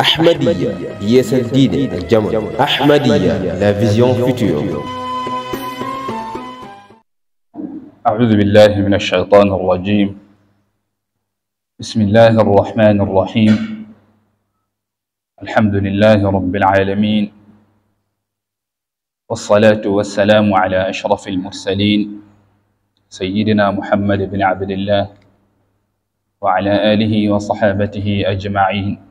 أحمدية Yesen Dine, الجمل أحمدية لا فيزيون فيتور أعوذ بالله من الشيطان الرجيم بسم الله الرحمن الرحيم الحمد لله رب العالمين والصلاة والسلام على أشرف المرسلين سيدنا محمد بن عبد الله وعلى آله وصحابته أجمعين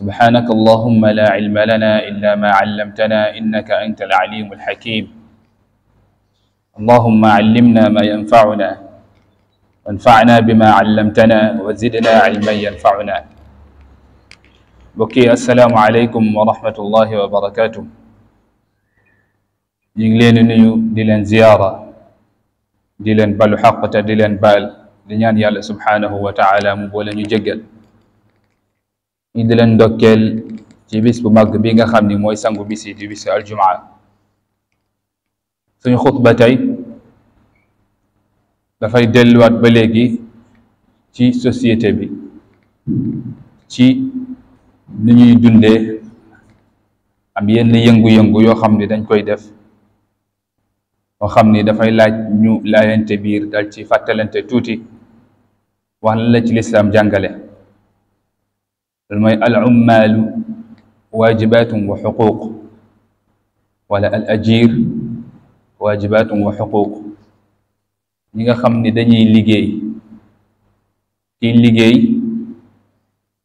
سبحانك اللهم لا علم لنا إلا ما علمتنا إنك أنت العليم الحكيم اللهم علمنا ما ينفعنا وانفعنا بما علمتنا وزدنا علما ينفعنا بكي السلام عليكم ورحمة الله وبركاته يجلين نيو ديلن زيارة ديلن بالحقة ديلن بال دي لنيان يالله سبحانه وتعالى مبولا يجقل ñu di leen ndokkeel ci bis bu màgg bi nga xam ni mooy sangu bis yi di bis aljumaa suñu xutba tey dafay delluwaat ba léegi ci société bi ci nu ñuy dundee am yenn yëngu-yëngu yoo xam ni dañ koy def yoo xam ni dafay laaj ñu laayante biir dal ci fàttalante tuuti wax la ci lislaam jàngale العمال واجبات وحقوق ولا الأجير واجبات وحقوق نيغا خامني داني ليغي تي ليغي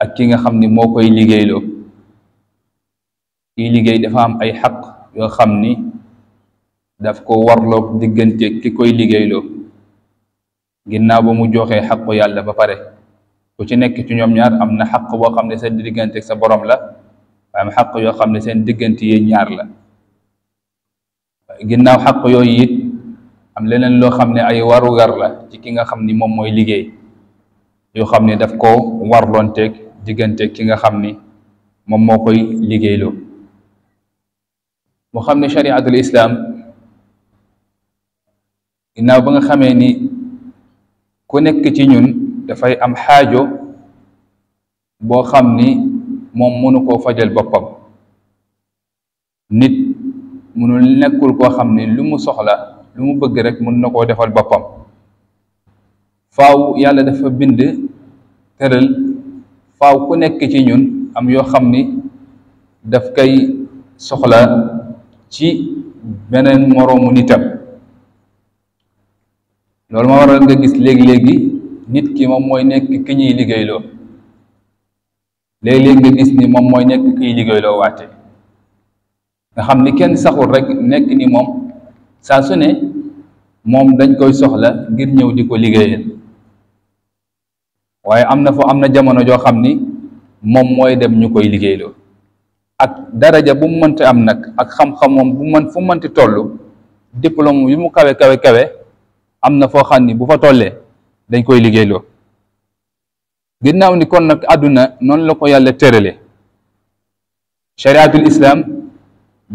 اك كيغا خامني موكاي ليغي لو تي ليغي دافا ام اي حق يو خامني داف كو ورلوك ديغنتي كيكوي ليغي لو غيناو بومو جوخي حقو يالا با باري ku ci nekk ci ñoom ñaar am na xaq boo xam ne seen diggante ak sa borom la am xaq yoo xam ne seen diggante yee ñaar la ginnaaw xaq yooyu it am leneen loo xam ne ay warugar la ci ki nga xam ni moom mooy liggéey yoo xam ne daf ko warloonteeg diggante ki nga xam ni moom moo koy liggéeyloo mu xam ne chariatul islam ginnaaw ba nga xamee ni ku nekk ci ñun dafay am xaajo boo xam ni moom mënu koo fajal boppam nit mënul nekkul koo xam ni lu mu soxla lu mu bëgg rek mën na koo defal boppam faaw yàlla dafa bind tëral faw ku nekk ci ñun am yoo xam ni daf koy soxla ci beneen moroomu nitam loolu ma waral nga gis léegi-léegi nit ki moom mooy nekk ki ñuy liggéeyloo léeg nga gis ni moom mooy nekk kiy liggéeyloo nga xam ni kenn saxul rek nekk ni moom saa su ne moom dañ koy soxla ngir ñëw di ko liggéeyal waaye am na foo am na jamono joo xam ni moom mooy dem ñu koy liggéeyloo ak daraja bu mu mënti am nag ak xam-xamoom bu mën fu mënti toll diplôme bi mu kawe kawe kawe am na foo xam ni bu fa tollee dañ koy liggéeyloo ginnaaw ni kon nag àdduna noonu la ko yàlla tërale chariatul islam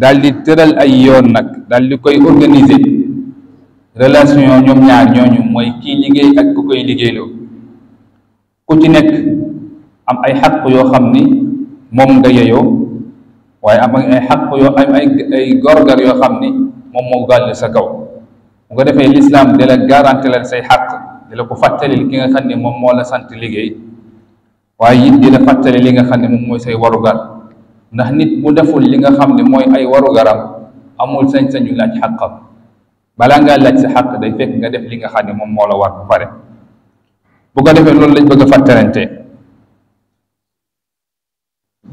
daldi di tëral ay yoon nag daal koy organiser relation ñoom ñaar ñooñu mooy kii liggéey ak koy liggéeyloo ku ci nekk am ay xaq yoo xam ni moom nga yeyoo waaye am ay xaq yoo ay ay gorgar xam ni moom moo gàll sa kaw bu ko defee l'islam de la say xaq la ko fàttalil ki nga xam ne moom moo la sant liggéey waaye it di la fàttali li nga xam ne moom mooy say warugar ndax nit bu deful li nga xam ne mooy ay warugaram amul sañ-sañu laaj xàqam balaa ngaa laaj sa xàq day fekk nga def li nga xam ne moom moo la war ba pare bu defee loolu lañ bëgg a fàttalante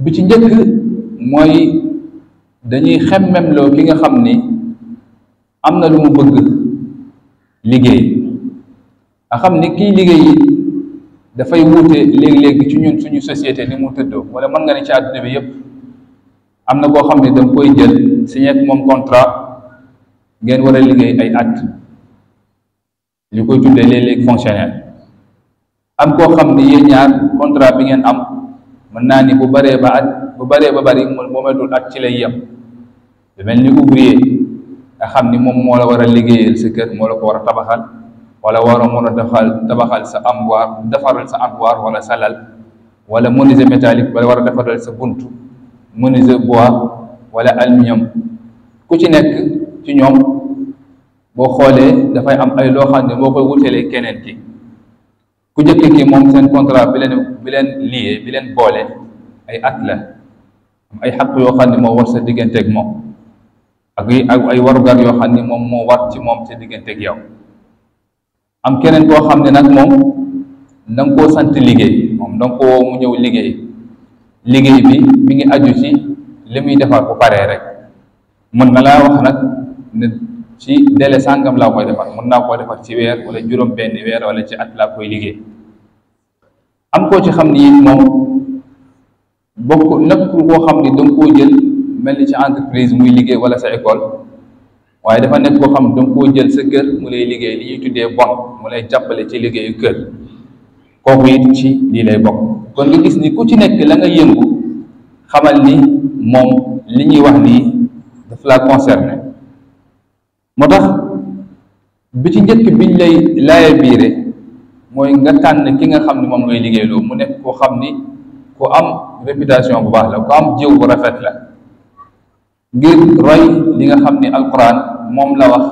bi ci njëkk mooy dañuy xemmemloo ki nga xam ni am na lu mu bëgg liggéey a xam ne kii liggéey dafay wuute léeg léegi ci ñun suñu société ni mu tëddoo wala mën nga ne ci àdduna bi yëpp am na koo xam ne danga koy jël signé moom contrat ngeen war a liggéey ay at ñu koy tuddee léeg-léeg fonctionnaire am koo xam ne yéen ñaar contrat bi ngeen am mën naa ni bu baree ba at bu baree ba bari moom moo dul at ci lay yem lu mel ni ouvrier nga xam ni moom moo la war a liggéeyal sa kër moo la ko war a tabaxal ولا وارو مونا دخل تبخل سا اموار دفرل سا اموار ولا سلال ولا مونيز ميتاليك ولا وارو دفرل سا بونتو مونيز بوا ولا المنيوم كوتي نيك تي نيوم بو خولي دا فاي ام اي لو خاندي مو كوي ووتيلي كينين كي كو جيكي كي موم سين كونترا بيلين بيلين لي بيلين بولي اي اتلا اي حق يو خاندي مو ورسا ديغنتك مو ak ay wargal yo xamni mom mo wat ci mom ci digënté yow am keneen koo xam ne nag moom da koo sant liggéey moom da koo mu ñëw liggéey liggéey bi mi ngi aju ci li muy defar bu pare rek mën na laa wax nag ne ci délai sàngam laa koy defar mën naa koo defar ci weer wala juróom benn weer wala ci at laa koy liggéey am koo ci xam ni it moom bokk nekk koo xam ni da koo jël mel ni ci entreprise muy liggéey wala sa école waaye dafa nekk koo xam da nga koo jël sa kër mu lay liggéey li ñuy tuddee bon mu lay jàppale ci liggéey kër kooku it ci lii bokk kon gis ni ku ci nekk la nga yëngu xamal ni moom li ñuy wax nii daf la concerné moo tax bi ci njëkk biñ lay laaya biire mooy nga tànn ki nga xam ne moom ngay liggéeyloo mu nekk koo xam ni ku am réputation bu baax la ku am jiw bu rafet la ngir roy li nga xam ni alquran moom la wax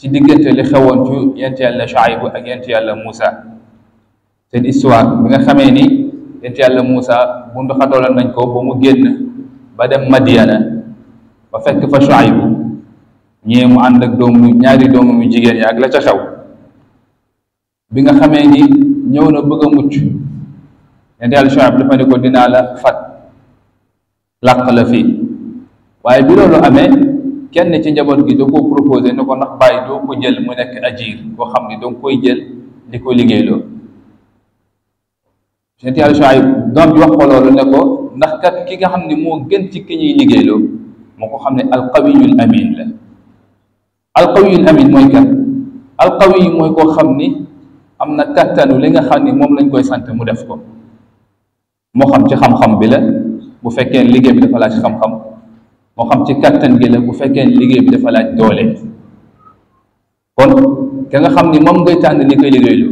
ci diggante li xewoon ci yent yàlla Shuaybu ak yent yàlla Moussa seen histoire bi nga xamee ni yent yàlla Moussa bu ndoxatoola nañ ko ba mu génn ba dem Madiana ba fekk fa Shuaybu ñee mu ànd ak doomu ñaari doomu mu jigéen ñi ak la ca xew bi nga xamee ni ñëw na bëgg a mucc yent yàlla Shuaybu dafa ne ko dinaa la fat làq la fii waaye bi loolu amee kenn ci njaboot gi da koo proposé ni ko ndax bàyyi doo ko jël mu nekk ajir boo xam ne danga koy jël di ko liggéeyloo seet yàlla Shuayb doom ji wax ko loolu ne ko ndax kat ki nga xam ne moo gën ci ki ñuy liggéeyloo moo ko xam ne alqawiyul amin la alqawiyul amin mooy kan alqawi yi mooy koo xam ni am na kattanu li nga xam ni moom lañ koy sant mu def ko moo xam ci xam-xam bi la bu fekkee liggéey bi dafa ci xam-xam moo xam ci kattan gi la bu fekkee liggéey bi dafa laaj doole kon ka nga xam ni moom ngay tànn ni koy liggéeylu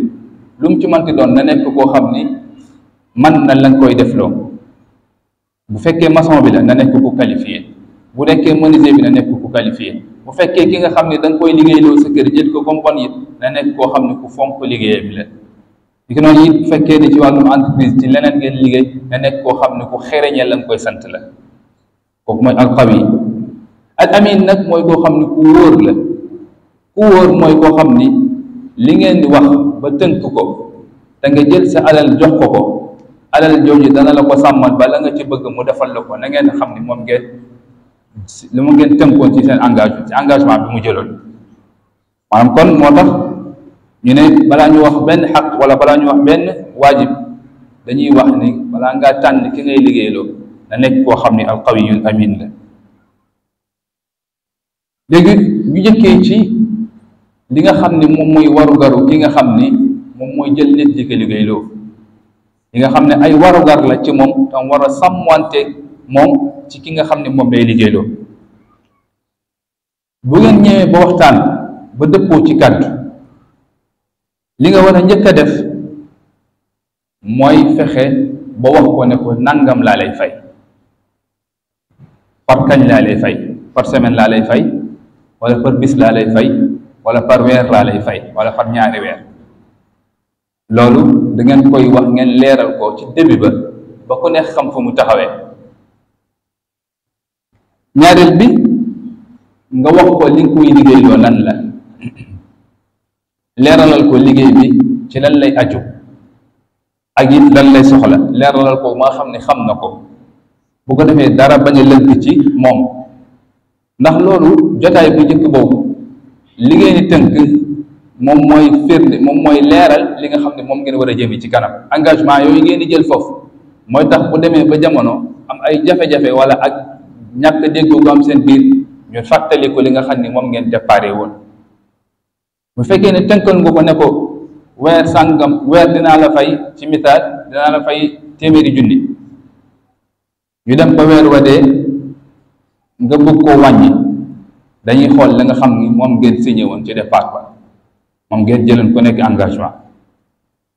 lu mu ci manti doon na nekk koo xam ni man na lañ koy defloo bu fekkee maçon bi la na nekk ku qualifié bu nekkee menuisier bi na nekk ku qualifié bu fekkee ki nga xam ne da nga koy liggéeyloo sa kër jël ko compagnie yi na nekk koo xam ne ku fonk liggéeyam la li noonu it bu fekkee ne ci wàllum entreprise ci leneen ngeen liggéey na nekk koo xam ne ku xereñee la nga koy sant la kooku mooy alqawi al amin nag mooy koo xam ni ku wóor la ku wóor mooy koo xam ni li ngeen di wax ba tënk ko danga jël sa alal jox ko ko alal jooju dana la ko sàmmal bala nga ci bëgg mu defal la ko na ngeen xam ni moom ngeen li mu ngeen tënkoon ci seen engagement ci engagement bi mu jëloon maanaam kon moo tax ñu ne balaa ñu wax benn xaq wala balaa ñu wax benn waajib dañuy wax ni balaa ngaa tànn ki ngay liggéeyloo na koo xam ne alqawiyul amin la léegi ñu jëkkee ci li nga xam ne moom mooy warugaru ki nga xam ni moom mooy jël nit di ko liggéeyloo li nga xam ne ay warugar la ci moom tam war a sàmmante moom ci ki nga xam ne moom lay liggéeyloo bu ngeen ñëwee ba waxtaan ba dëppoo ci kàddu li nga war a njëkk a def mooy fexe ba wax ko ne ko nangam laa lay fay par kañ laa lay fay par semaine laa lay fay wala par bis laa lay fay wala par weer laa lay fay wala par ñaari weer loolu dangeen ngeen koy wax ngeen leeral ko ci début ba ba ku neex xam fu mu taxawee ñaareel bi nga wax ko li nga liggéey loo lan la leeralal ko liggéey bi ci lan lay aju ak it lan lay soxla leeralal ko maa xam ne xam na ko bu ko defee dara bañ a lënk ci moom ndax loolu jotaay bu njëkk boobu li ngeen di tënk moom mooy firnde moom mooy leeral li nga xam ne moom ngeen war a jëmee ci kanam engagement yooyu ngeen di jël foofu mooy tax bu demee ba jamono am ay jafe-jafe wala ak ñàkk déggoo gu am seen biir ñu fàttaliku li nga xam ni moom ngeen déparé woon bu fekkee ne tënkal nga ko ne ko weer sàngam weer dinaa la fay ci misaal dinaa la fay téeméeri junni ñu dem ba weer wa dee nga bëgg koo wàññi dañuy xool la nga xam ni moom ngeen signé woon ci départ ba moom ngeen jëloon ku nekk engagement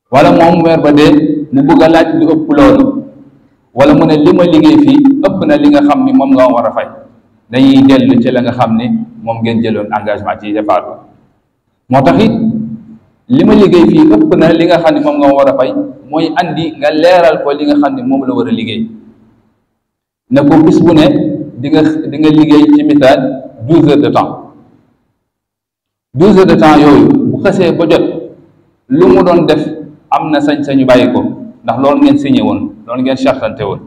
wala moom weer ba de mu bëgg a laaj lu ëpp loolu wala mu ne li ma liggéey fii ëpp na li nga xam ni moom nga war a fay dañuy dellu ci la nga xam ni moom ngeen jëloon engagement ci départ ba moo tax it li ma liggéey fii ëpp na li nga xam ni moom nga war a fay mooy indi nga leeral ko li nga xam ni moom la war a liggéey. ne ko bis bu ne di nga di nga liggéey ci misaal douze heures de temps douze heures de temps yooyu bu xasee ba jot lu mu doon def am na sañ-sañu bàyyi ko ndax loolu ngeen signé woon loolu ngeen chartante woon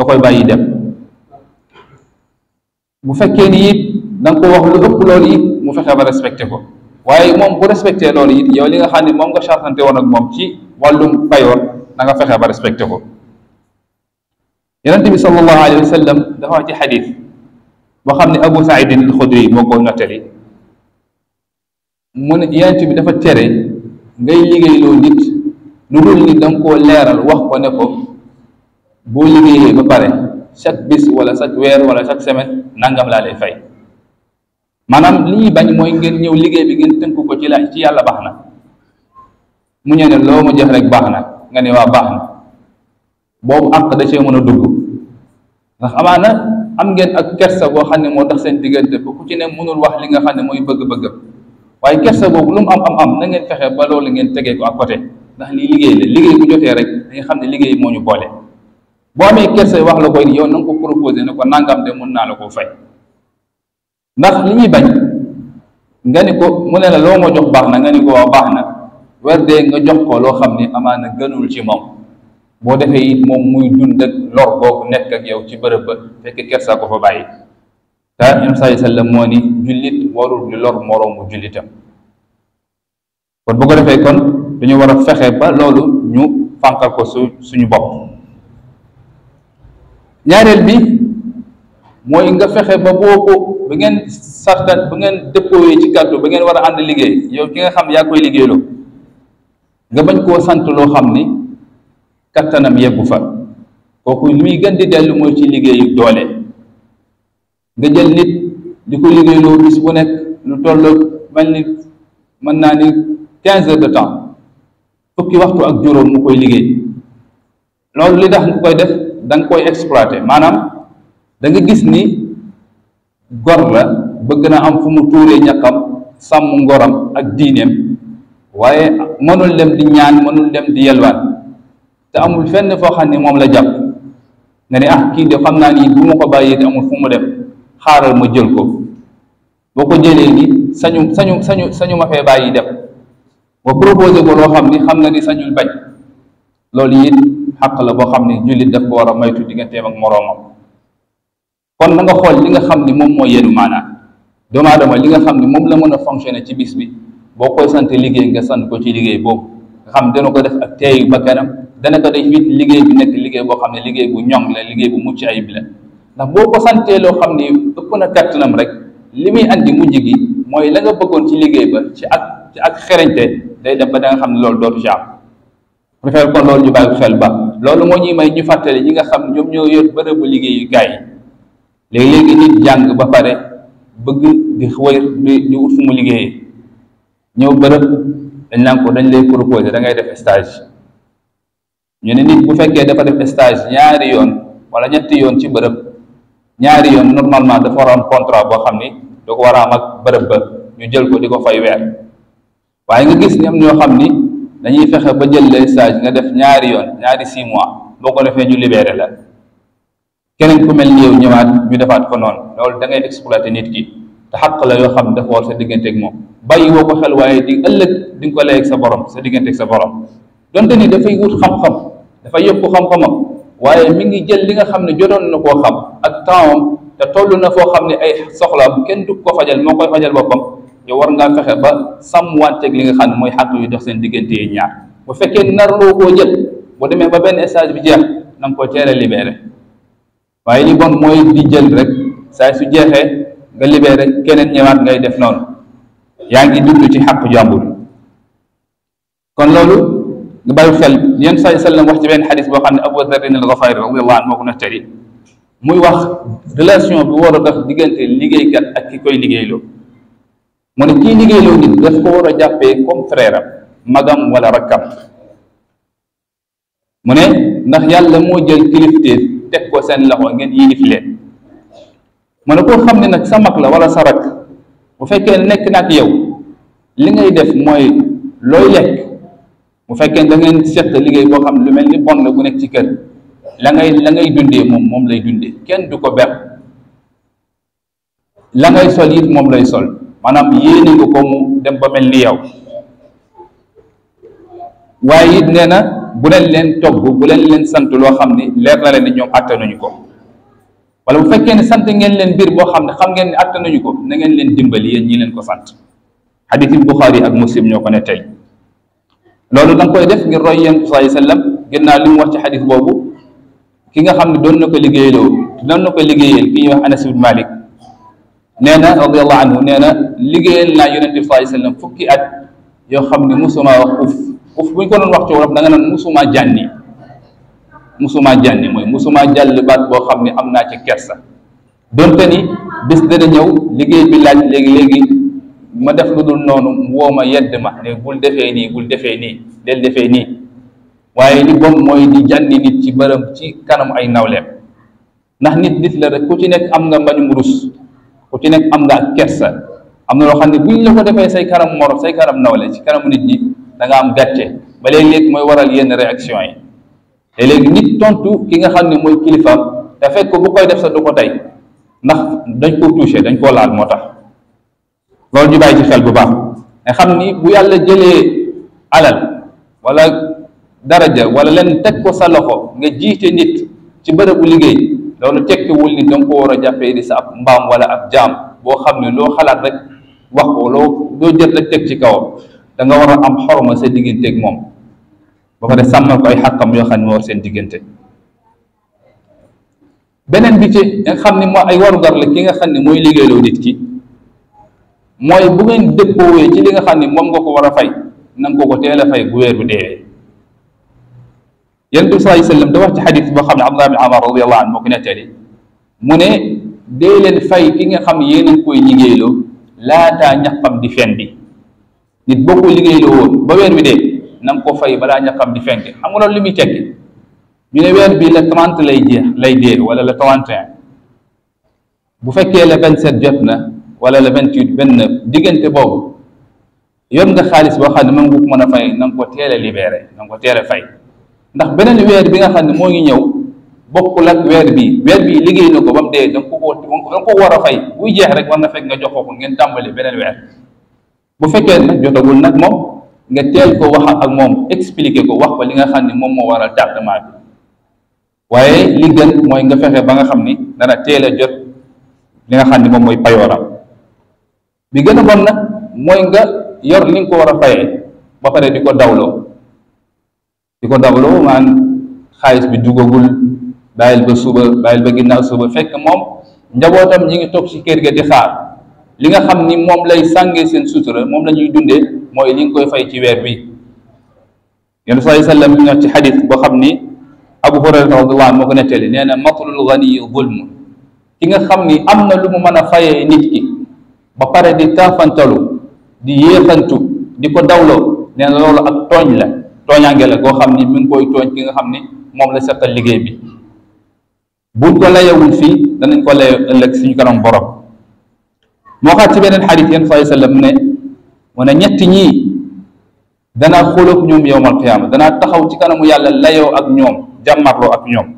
da koy bàyyi dem bu fekkee ni it da nga ko wax lu ëpp loolu it mu fexe ba respecté ko waaye moom bu respecté loolu it yow li nga xam ne moom nga chartante woon ak moom ci wàllum payoor da nga fexe ba respecté ko yonente bi sallallahu alayhi wa sallam dafa wax ci xadis boo xam ne abu saidin al xudri moo ko nottali mu ne yonente bi dafa tere ngay liggéeyloo nit lu dul ni koo leeral wax ko ne ko boo liggéeyee ba pare chaque bis wala chaque weer wala chaque semaine nangam laa lay fay maanaam li ñuy bañ mooy ngeen ñëw liggéey bi ngeen tënk ko ci la ci yàlla baax na mu ñëw ne loo ma jox rek baax na nga ne waa baax na boobu àq da cee mën a dugg ndax amaana am ngeen ak kersa goo xam ne moo tax seen diggante ba ku ci ne mënul wax li nga xam ne mooy bëgg-bëgg waaye kersa boobu lu mu am am am na ngeen fexe ba loolu ngeen tegee ko à côté ndax lii liggéey la liggéey bu jotee rek dañu xam ne liggéey moo ñu boole boo amee kersa wax la koy yow na nga ko proposé ne ko nangam de mën naa la koo fay ndax li ñuy bañ nga ni ko mu ne la loo ma jox baax na nga ni ko waaw baax na weer dee nga jox loo xam ne amaana gënul ci moom boo defee it moom muy dund ak lor boobu nekk ak yow ci bërëb ba fekk kersa ko fa bàyyi te im saai ni jullit warul di lor moroomu jullitam kon bu ko defee kon dañu war a fexe ba loolu ñu fànqal ko su suñu bopp ñaareel bi mooy nga fexe ba boo ba ngeen sartan ba ngeen dëppoowee ci kàddu ba ngeen war a ànd liggéey yow ki nga xam yaa koy liggéeyloo nga bañ koo sant loo xam ni kattanam yeggu fa kooku li muy gën di dellu mooy ci liggéey doole nga jël nit di ko liggéeyloo bis bu nekk lu tolloog mel ni mën naa ni quinze heures de temps fukki waxtu ak juróom mu koy liggéey loolu li dax nga koy def da nga koy exploité maanaam danga gis ni gor la bëgg na am fu mu tuure ñaqam sàmm ngorom ak diineem waaye mënul dem di ñaan mënul dem di yelwaan te amul fenn foo xam ne moom la jàpp nga ne ah kii def xam naa ni bu ma ko bàyyee te amul fu mu dem xaaral ma jël ko boo ko jëlee ni sañu sañu sañu sañu ma fee bàyyi dem ba proposé ko loo xam ni xam na ni sañul bañ loolu it xàq la boo xam ne jullit def ko war a maytu digganteem ak moroomam kon na nga xool li nga xam ni moom mooy yenu maanaam doomu aadama li nga xam ni moom la mën a fonctionner ci bis bi boo koy sant liggéey nga sant ko ci liggéey boobu xam dana ko def ak teeyu kanam dana ko def it liggéey bi nekk liggéey boo xam ne liggéey bu ñoŋ la liggéey bu mucc ay la ndax boo ko santee loo xam ne ëpp na kàttanam rek li muy andi mujj gi mooy la nga bëggoon ci liggéey ba ci ak ak xereñte day dem ba da nga xam ne loolu dootu ci am préfère kon loolu ñu bàyyi xel ba loolu moo ñuy may ñu fàttale ñi nga xam ñoom ñoo yor bërëbu liggéeyukaay yi léegi-léegi nit jàng ba pare bëgg di wër di wut fu mu liggéeyee ñëw dañ lay proposer da ngay def stage ñu ne nit bu fekke dafa def stage ñaari yoon wala ñetti yoon ci bërepp ñaari yoon normalement dafa war am contrat bo xamni do ko wara am ak bërepp ba ñu jël ko diko fay wër waaye nga gis ni am ñoo xamni dañuy fexé ba jël lay stage nga def ñaari yoon ñaari 6 mois boko defé ñu libéré la keneen ku mel yow ñëwaat ñu defaat ko non lool da ngay exploiter nit ki ta xàq la yo xam dafa war sa digënté ak mom bàyyi woo ko xel waye di ëlëk di ko lay ak sa borom sa digënté ak sa borom donte ni fay wut xam-xam da dafa yokk xam-xamam waye mi ngi jël li nga xam ne na ko xam ak taawam te tollu na fo xam ay soxla soxlaam kenn du ko fajal mo koy fajal bopam ñu war nga fexe ba sam ak li nga xam moy mooy yu dox seen digënté yi ñaar bu fekké nar lo ko jël bu démé ba ben stage bi jeex na ko téré libéré waye li bon moy di jël rek saa su jeexee nga libéré keneen ñëwaat ngay def noonu yaa ngi dund ci xàqu jàmbur kon loolu nga bàyyi xel yéen saa sallam wax ci benn xadis boo xam ne Abu Darrin al-Ghifari radiyallahu anhu moo ko nettali muy wax relation bi war a dox diggante liggéeykat ak ki koy liggéeyloo mu ne kii liggéeyloo nit daf ko war a jàppee comme frère magam wala rakkam mu ne ndax yàlla moo jël kilifteef teg ko seen laxoo ngeen yilif leen mu ne ko xam ne nag sa mag la wala sa rakk bu fekkee nekk na ak yow li ngay def mooy looy lekk bu fekkee da ngeen seq liggéey boo xam lu mel ni bon la bu nekk ci kër la ngay la ngay dundee moom moom lay dundee kenn du ko ber la ngay sol it moom lay sol maanaam yéene nga ko mu dem ba mel ni yow waaye it nee na bu leen leen togg bu leen leen sant loo xam ni leer na leen ni ñoom attanuñu ko wala bu fekkee ne sant ngeen leen mbir boo xam ne xam ngeen ne attanuñu ko na ngeen leen dimbali yéen ñi leen ko sant xadiisi Buxaari ak Muslim ñoo ko ne tey loolu da koy def ngir roy yéen sallallahu alayhi wasallam naa li mu wax ci xadis boobu ki nga xam ne doon na ko liggéeyloo doon na ko liggéeyal ki ñuy wax Anas ibn Malik nee na radiallahu anhu nee na liggéeyal naa yonente bi sallallahu alayhi wasallam fukki at yoo xam ne musuma wax uf uf buñ ko doon wax ci wolof da nga naan musuma jànni musuma jànni mooy musuma jàll baat boo xam ne am naa ci kersa donte ni bés dana ñëw liggéey bi laaj léegi-léegi ma def lu dul noonu mu woo ma yedd ma ne bul defee nii bul defee nii del defee nii waaye li bon mooy di jànni nit ci bërëm ci kanamu ay nawleem ndax nit nit la rek ku ci nekk am nga mbañum rus ku ci nekk am nga ak kersa am na loo xam ne buñ la ko defee say kanam moro say kanam nawle ci kanamu nit ñi da am gàcce ba léeg-léeg mooy waral yenn réaction yi te léegi nit tontu ki nga xam ne mooy kilifaam te ko bu koy def sa du ko tey ndax dañ koo touché dañ koo laal moo tax loolu ñu bàyyi ci bu baax nga xam ni bu yàlla jëlee alal wala daraja wala leen teg ko sa loxo nga jiite nit ci bërëbu liggéey loolu tekkiwul ni danga ko war a jàppee di sa ab mbaam wala ab jaam boo xam ne loo xalaat rek wax ko loo doo jël rek teg ci kawam danga war a am xorma sa digganteeg moom ba pare sàmmal ko ay xàqam yoo xam ne moo war seen diggante beneen bi ci xam ne mo ay warugar la ki nga xam ne mooy liggéeyloo nit ki mooy bu ngeen dëppoowee ci li nga xam ne moom nga ko war a fay na nga ko ko teel a fay bu weer bu deewee yonent bi sallallahu alayhi da wax ci xadis boo xam ne Abdullah bin Amar radiyallahu anhu moo ko nettali mu ne dee fay ki nga xam ne yéen a ngi koy liggéeyloo laataa di fen bi nit boo ko liggéeyloo woon ba weer bi dee nang ko fay balaa ñaqam di fenk xam nga loolu limi tekki ñu ne wër bi le 30 lay jeex lay dee wala le 31 bu fekkee le 27 jotna wala le 28 29 digënté boobu yor nga xaalis bo xam ne moom ko mëna fay nang ko teel libéré nang ko teel fay ndax benen wër bi nga xam ne moo ngi ñëw bokkul ak wër bi wër bi liggéey nako bam dé mu ko ko da ko wara fay bu jeex rek war na fekk nga jox ko ngeen tàmbali benen wër bu fekkee nak jotagul nak mom nga teel ko wax ak moom expliquer ko wax ko li nga xam ne moom moo waral tardement bi waaye li gën mooy nga fexe ba nga xam ni dana teel a jot li nga xam ne moom mooy payooram bi gën a bon mooy nga yor li nga ko war a fayee ba pare di ko dawloo di ko dawloo maan bi dugagul bàyyil ba suba bàyyil ba ginnaaw suba fekk moom njabootam ñi ngi toog ci kër ga li nga xam ni moom lay sàngee seen sutura moom lañuy dundee mooy li nga koy fay ci weer bi yéen saa sallam ñu ne ci xadis boo xam ni abu hurayra radiyallahu anhu moo ko nettali nee na matlul ganiyi zulm ki nga xam ni am na lu mu mën a fayee nit ki ba pare di taafantalu di yéexantu di ko dawloo nee na loolu ak tooñ la tooñaange la koo xam ni mi ngi koy tooñ ki nga xam ni moom la setta liggéey bi buñ ko layewul fii danañ ko laye ëllëg suñu kanam borom moo xaat ci beneen xadis yéen saa sallam ne wane ne ñett ñii danaa xóoloog ñoom yow qiyaama danaa taxaw ci kanamu yàlla layoo ak ñoom jàmmarloo ak ñoom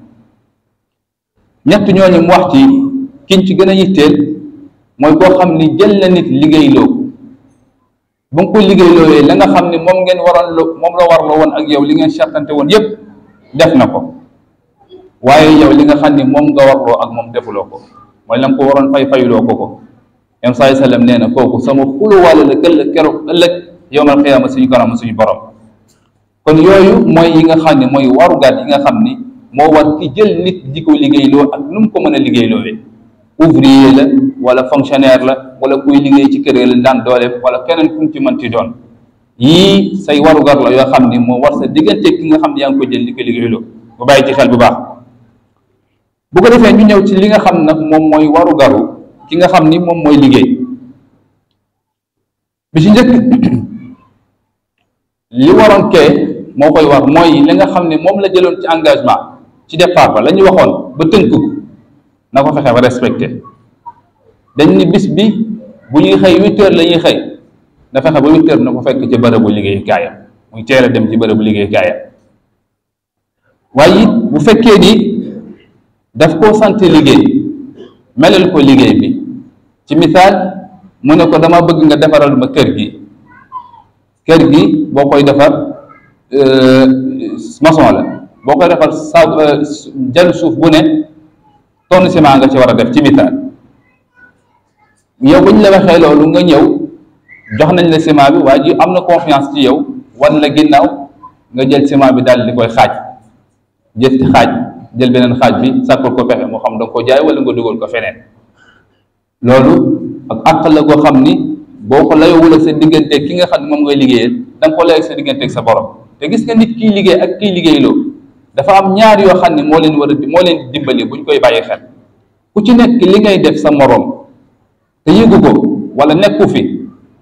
ñett ñooñu mu wax ci kiñ ci gën a yitteel mooy koo xam ni jël na nit liggéeyloo ba nga ko liggéeyloowee la nga xam ni moom ngeen waroon lo moom la warloo woon ak yow li ngeen sartante woon yépp def na ko waaye yow li nga xam ni moom nga warloo ak moom defuloo ko mooy la nga ko waroon fay fayuloo ko ko yam sa sallam nee na kooku sama xulu wàll la gëllëg keroog ëllëg yowmal xiyaama suñu kanam suñu borom kon yooyu mooy yi nga xam ne mooy warugaat yi nga xam ni moo war ki jël nit di ko liggéeyloo ak nu mu ko mën a liggéeyloowee ouvrier la wala fonctionnaire la wala kuy liggéey ci kër la daan dooleem wala keneen ku ci mën ci doon yii say warugar la yoo xam ni moo war sa diggante ki nga xam ne yaa ngi ko jël di ko liggéeyloo bu bàyyi ci xel bu baax bu ko defee ñu ñëw ci li nga xam nag moom mooy warugaru ki nga xam ni moom mooy liggéey bi ci njëkk li waroon kee moo koy war mooy li nga xam ne moom la jëloon ci engagement ci départ ba lañuy waxoon ba tënk ko na ko fexe ba respecté dañ ni bis bi bu ñuy xëy huit heures la ñuy xëy na fexe ba huit heures na ko fekk ci bërëbu liggéey kaayam muy teel dem ci bërëbu liggéey kaayam waaye it bu fekkee ni daf koo sant liggéey melal ko liggéey bi ci misaal mu ne ko dama bëgg nga defaral ma kër gi kër gi boo koy defar euh, maçon la boo koy defar sa euh, suuf bu ne tonn ciment nga ci war a def ci misaal yow bu ñu la waxee loolu nga ñëw jox nañ la ciment bi waa ji am na confiance ci yow wan la ginnaaw nga jël ciment bi daal di koy xaaj jël ci xaaj jël benen xaj bi sàkkul ko fexé mo xam da ko jaay wala nga dugal ko fenen lolu ak akal la goo xam ni boo ko ak sa digënté ki nga xam mom ngay liggéey da nga ko lay ak sa ak sa borom te gis nga nit ki liggéey ak ki liggéey lo dafa am ñaar yo xamni mo leen wara mo leen dimbali buñ koy bàyyi xel ku ci nekk li ngay def sa morom te yëgu ko wala nekku fi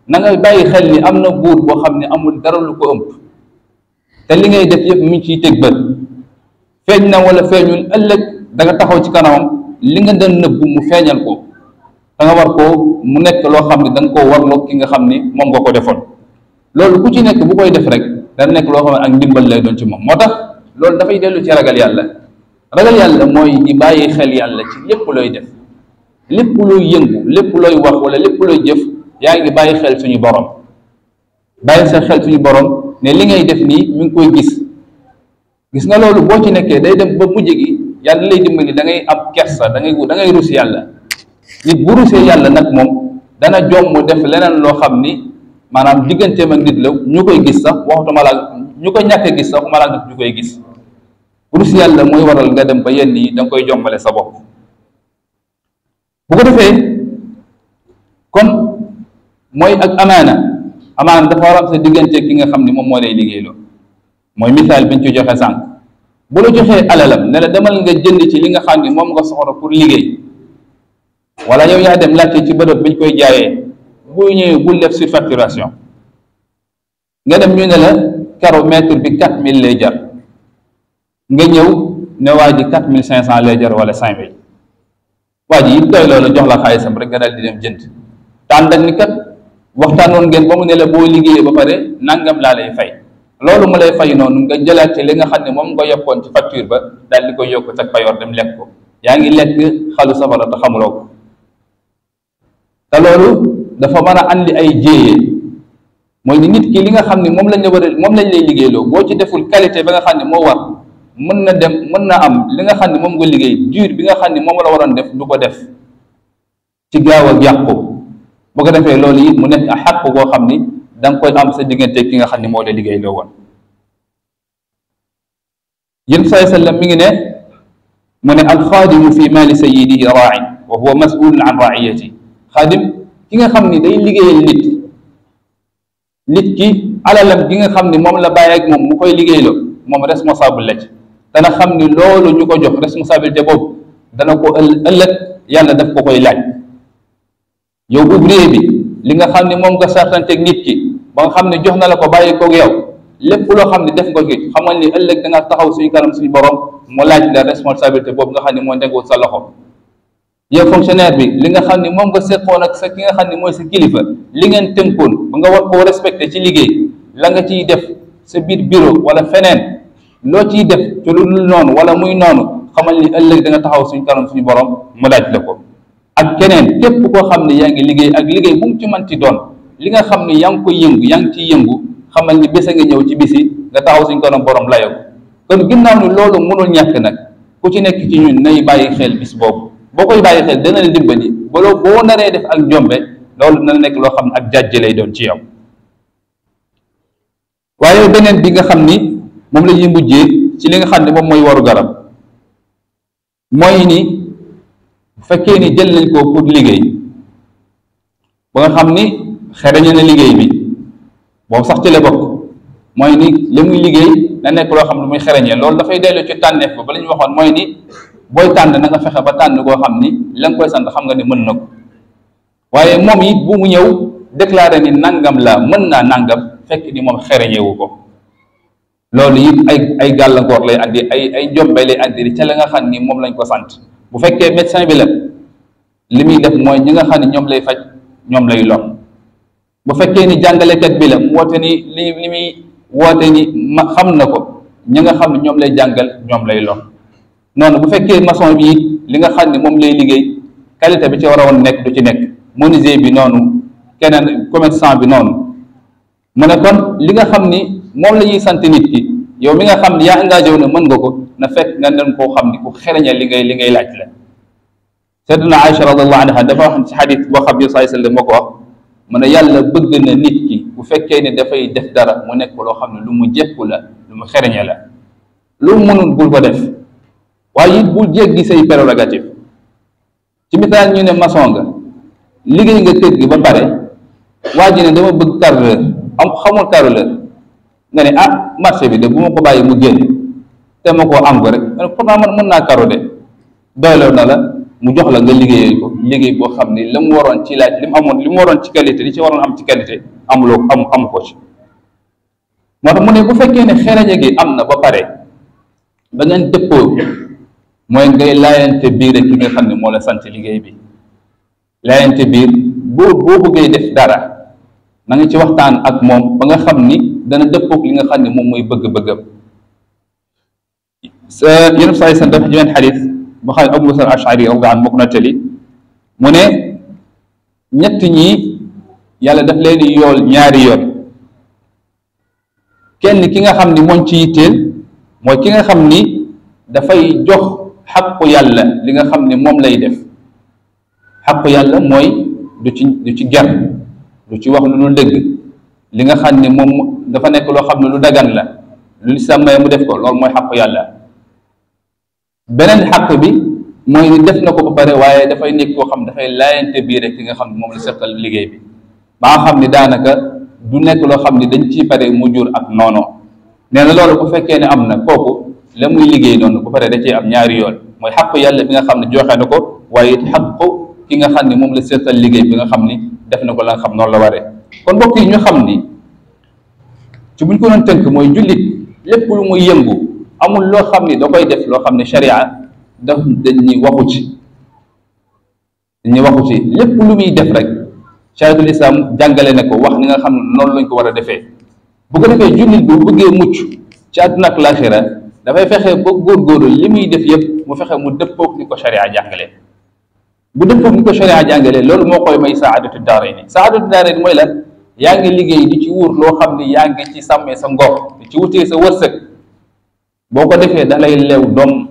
na nga bàyyi xel ni amna na bo xamni amul dara lu ko ëmp te li ngay def yëpp mi ci tegg bët feeñ na wala feeñul ëllëg da nga taxaw ci kanamam li nga daan nëbbu mu feeñal ko da war koo mu nekk loo xam ne da ko war warloo ki nga xam ni moom nga ko defoon loolu ku ci nekk bu koy def rek dana nekk loo xam ne ak ndimbal lay doon ci moom moo tax loolu dafay dellu ci ragal yàlla ragal yàlla mooy di bàyyi xel yàlla ci lépp looy def lépp looy yëngu lépp looy wax wala lépp looy jëf yaa ngi bàyyi xel suñu borom bàyyi sa xel suñu boroom ne li def nii mi ngi koy gis. gis nga loolu bo ci nekké day dem ba mujjé gi yalla lay dimbali da ngay ab kersa da ngay da ngay rus yalla nit bu rusé yalla nak mom dana mu def lenen lo xamni manam digënté ma nit la ñukoy gis sax waxtu mala ñukoy ñaké gis sax mala nak ñukoy gis rus yalla moy waral nga dem ba yenn yi da ngoy jombalé sa bop bu ko defé kon moy ak amana amana dafa waral sa digënté ki nga xamni mom mo lay lay lo mooy misaal bi ñu ci joxe sànq bu la joxee alalam ne demal nga jënd ci li nga xam ni moom nga soxla pour liggéey wala yow yaa dem laajte ci bërëb bi ñu koy jaayee bu ñëwee bul def surfacturation nga dem ñu ne la karo mètre bi quatre mille lay jar nga ñëw ne waa ji quatre mille cinq cent lay jar wala cinq mille waa ji it doy loolu jox la xaalisam rek nga daal di dem jënd tànn ni kat waxtaanoon ngeen ba mu ne la boo liggéeyee ba pare nangam laa lay fay. loolu mu lay fay noonu nga jëlaat li nga xam ne moom nga yokkoon ci facture ba daal di koy yokk ca payoor dem lekk ko yaa ngi lekk xalu safara te xamuloo ko te loolu dafa mën a andi ay jéeye mooy ni nit ki li nga xam ne moom lañ la war a moom lañ lay liggéeyloo boo ci deful qualité ba nga xam ne moo war mën na dem mën na am li nga xam ne moom nga liggéey dur bi nga xam ne moom la waroon def lu ko def ci gaaw ak yàqu bu ko defee loolu it mu nekk a xàq boo xam ni dang koy am sa digënté ki nga xamni mo moo la liggéey loo won yén saai sallam mi ngi ne mu ne khadim fi mal sayyidi ra'i wa huwa masulun an ra'iyati khadim ki nga xamni day liggéeyal nit nit ki ala lam gi nga xamni mom la baye ak mom mu koy liggéeyloo mom responsable la ci dana xamni lolu ñuko jox responsabilité boobu dana ko ëlëk yàlla daf ko koy laaj yow ouvrier bi li nga xam ne moom nga sartanteeg nit ki ba nga xam ne jox na la ko bàyyi koog yow lépp loo xam ne def nga ci xamal ni ëllëg da nga taxaw suñu kanam suñu borom mu laaj la responsabilité boobu nga xam ne moo ndegoon sa loxo yow fonctionnaire bi li nga xam ne moom nga seqoon ak sa ki nga xam ne mooy sa kilifa li ngeen tënkoon nga war koo respecté ci liggéey langa nga ciy def sa biir bureau wala feneen loo ciy def te lu dul noonu wala muy noonu xamal ni ëllëg danga taxaw suñu kanam suñu borom mu laaj la ko ak keneen képp koo xam ne yaa ngi liggéey ak liggéey bu mu ci mënti doon li nga xam ne yaa ngi ko yëngu yaa ngi ciy yëngu xamal ni bés a nga ñëw ci bisi nga taxaw suñ kanam borom layoo kon ginnaaw ni loolu mënul ñàkk nag ku ci nekk ci ñun nay bàyyi xel bis boobu boo koy bàyyi xel dana la dimbali baloo boo naree def ak njombe loolu na nekk loo xam ne ak jàjj lay doon ci yow waaye beneen bi nga xam ni moom la ñuy mujjee ci li nga xam ne moom mooy waru garab bu fekkee ni jël nañ ko pour liggéey ba nga xam ni xereñe na liggéey bi boobu sax ci la bokk mooy ni la muy liggéey na nekk loo xam ne muy xereñee loolu dafay dellu ci tànneef ba ba waxoon mooy ni booy tànn na nga fexe ba tànn koo xam ni la nga koy sant xam nga ni mën na ko waaye moom it bu mu ñëw déclaré ni nangam la mën naa nangam fekk ni moom xereñewu ko loolu it ay ay gàllankoor lay andi ay ay jombay lay andi ca la nga xam ni moom lañ ko sant bu fekkee médecin bi la li muy def mooy ñi nga xam ne ñoom lay faj ñoom lay lor bu fekkee ni jàngalekat bi la mu woote ni li li muy woote ni ma xam na ko ñi nga xam ne ñoom lay jàngal ñoom lay lor noonu bu fekkee maçon bi li nga xam ne moom lay liggéey qualité bi ci war a woon nekk du ci nekk menuisier bi noonu keneen commerçant bi noonu mu li nga xam ni moom la ñuy sant nit ki yow mi nga xam ni yaa engagé wu ne mën nga ko na fekk nga leen koo xam ni ku xereñe li ngay li ngay laaj la seydna Aïcha radiallahu anha dafa wax ci xadis boo xam yo saai sallam moo ko wax mu ne yàlla bëgg na nit ki bu fekkee ne dafay def dara mu nekk loo xam ne lu mu jekku la lu mu xereñe la lu mu mënul bul ko def waaye it bul jéggi say prérogative ci misaal ñu ne maçon nga liggéey nga kër gi ba pare waa ji ne dama bëgg carreleur am xamul carreleur nga ne ah marché bi de bu ma ko bàyyi mu génn te ma ko am ko rek man pourtant man mën naa karo de doyloo na la mu jox la nga liggéeyee ko liggéey boo xam ni la mu waroon ci laaj li mu li mu waroon ci qualité li ci waroon am ci qualité amuloo am amu ko ci bu fekkee ne xereñe gi am na ba pare ba ngeen dëppoo mooy ngay laayante biir rek ki nga xam ne moo la sant liggéey bi laayante biir boo boo bëggee def dara na nga ci waxtaan ak moom ba nga xam ni dana dëppoog li nga xam ne moom mooy bëgg bëgga yéen a saa yi dafa ci benn xadis boo xam ne Abu Musa al-Ash'ari moo mu ne ñett ñi yàlla daf leen di yool ñaari yoon kenn ki nga xam ni moom ci yitteel mooy ki nga xam ni dafay jox xaqu yàlla li nga xam ne moom lay def xaqu yàlla mooy du ci du ci ger du ci wax lu dul dëgg. li nga xam ne moom dafa nekk loo xam ne lu dagan la lu lislaam maye mu def ko loolu mooy xàqu yàlla beneen xàq bi mooy ni def na ko ba pare waaye dafay nekk koo xam dafay laayante bii rek ki nga xam ne moom la seqal liggéey bi ba nga xam ne daanaka du nekk loo xam ne dañ ciy pare mu jur ak noono nee na loolu bu fekkee ne am na kooku la muy liggéey noonu bu pare da cee am ñaari yoon mooy xàqu yàlla bi nga xam ne joxe na ko waaye it xàqu ki nga xam ne moom la seqal liggéey bi nga xam ni def na ko la nga xam noonu la waree kon mbokk yi ñu xam ni ci buñ ko doon tënk mooy jullit lépp lu muy yëngu amul loo xam ni da koy def loo xam ne sharia daf dañ ni waxu ci dañ ni waxu ci lépp lu muy def rek shariatul islam jàngale na ko wax ni nga xam ne noonu lañ ko war a defee bu ko defee jullit bu bëggee mucc ci àdduna ak laaxira dafay fexe ba góorgóorlu li muy def yëpp mu fexe mu dëppoog ni ko sharia jàngale bu dëppoog ni ko sharia jàngale loolu moo koy may saadatu daarayni saadatu daarayni mooy lan yaangi liggey di ci wour lo xamni yaangi ci samé sa ngox ci wutee sa wërsëg boko défé defee da lay leew doom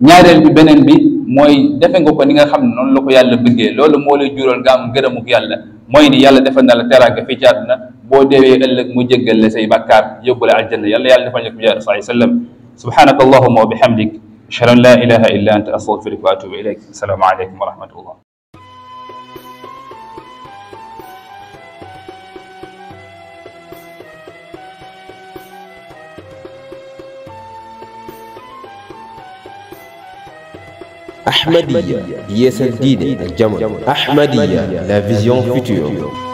ñaareel bi benen bi moy defe nga ko ni nga xamni non la ko yàlla bëggé loolu mo lay jural nga am gërëmuk yàlla moy ni yàlla defal na la téraga fi ci àdduna boo deewee ëllëg mu jéggal la say bakkar yobul aljanna yàlla yàlla défa ñu ko jaar sallallahu alayhi wa sallam subhanaka allahuma wa bihamdik ashhadu an la ilaha illa anta astaghfiruka wa atubu ilayk assalaamu aleykum wa rahmatullah أحمدية هي سلدينة الجمل أحمدية لا فيزيون فيتور